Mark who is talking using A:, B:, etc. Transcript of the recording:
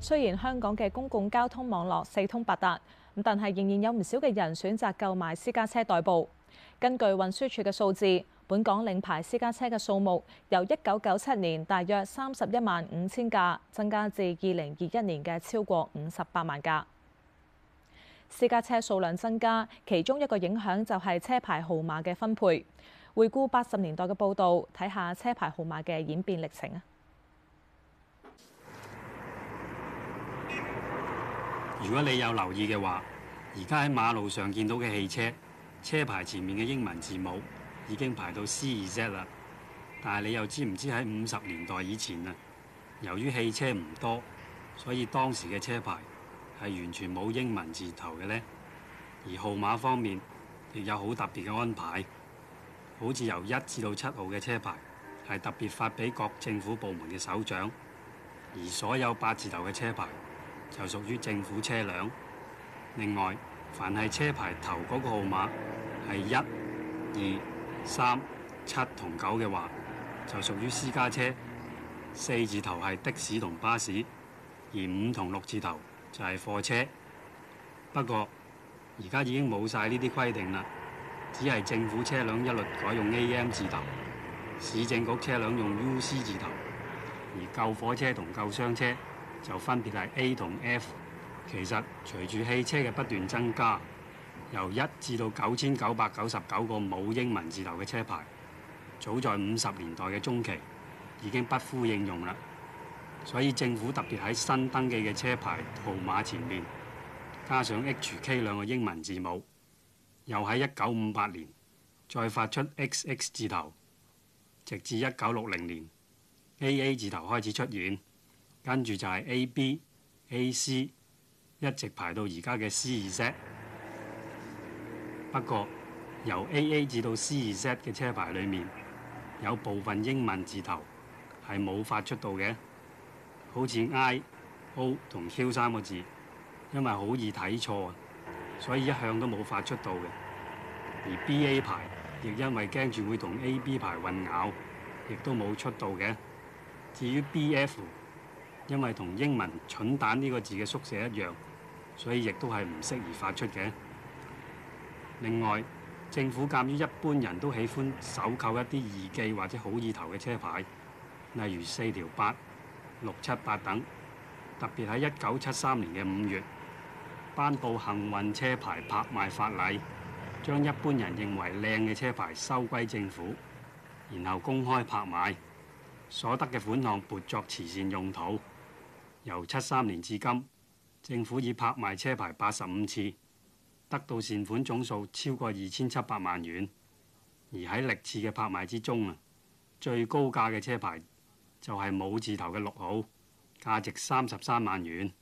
A: 雖然香港嘅公共交通網絡四通八達，咁但係仍然有唔少嘅人選擇購買私家車代步。根據運輸署嘅數字，本港領牌私家車嘅數目由一九九七年大約三十一萬五千架，增加至二零二一年嘅超過五十八萬架。私家車數量增加，其中一個影響就係車牌號碼嘅分配。回顧八十年代嘅報道，睇下車牌號碼嘅演變歷程。
B: 如果你有留意嘅話，而家喺馬路上見到嘅汽車車牌前面嘅英文字母已經排到 C 字頭啦。但係你又知唔知喺五十年代以前啊，由於汽車唔多，所以當時嘅車牌係完全冇英文字頭嘅呢。而號碼方面亦有好特別嘅安排，好似由一至到七號嘅車牌係特別發俾各政府部門嘅首長，而所有八字頭嘅車牌，就屬於政府車輛。另外，凡係車牌頭嗰個號碼係一、二、三、七同九嘅話，就屬於私家車。四字頭係的士同巴士，而五同六字頭就係貨車。不過，而家已經冇晒呢啲規定啦，只係政府車輛一律改用 AM 字頭，市政局車輛用 UC 字頭，而救火車同救傷車。就分別係 A 同 F。其實隨住汽車嘅不斷增加，由一至到九千九百九十九個冇英文字頭嘅車牌，早在五十年代嘅中期已經不敷應用啦。所以政府特別喺新登記嘅車牌號碼前面加上 HK 兩個英文字母，又喺一九五八年再發出 XX 字頭，直至一九六零年 AA 字頭開始出現。跟住就係 A B、A C，一直排到而家嘅 C Z。不過由 A A 至到 C Z 嘅車牌裏面，有部分英文字頭係冇發出到嘅，好似 I、O 同 Q 三個字，因為好易睇錯，所以一向都冇發出到嘅。而 B A 牌亦因為驚住會同 A B 牌混淆，亦都冇出到嘅。至於 B F，因為同英文「蠢蛋」呢個字嘅縮寫一樣，所以亦都係唔適宜發出嘅。另外，政府鑑於一般人都喜歡收購一啲易記或者好意頭嘅車牌，例如四條八、六七八等，特別喺一九七三年嘅五月，頒布幸運車牌拍賣法例，將一般人認為靚嘅車牌收歸政府，然後公開拍賣所得嘅款項撥作慈善用途。由七三年至今，政府已拍賣車牌八十五次，得到善款總數超過二千七百萬元。而喺歷次嘅拍賣之中啊，最高價嘅車牌就係冇字頭嘅六號，價值三十三萬元。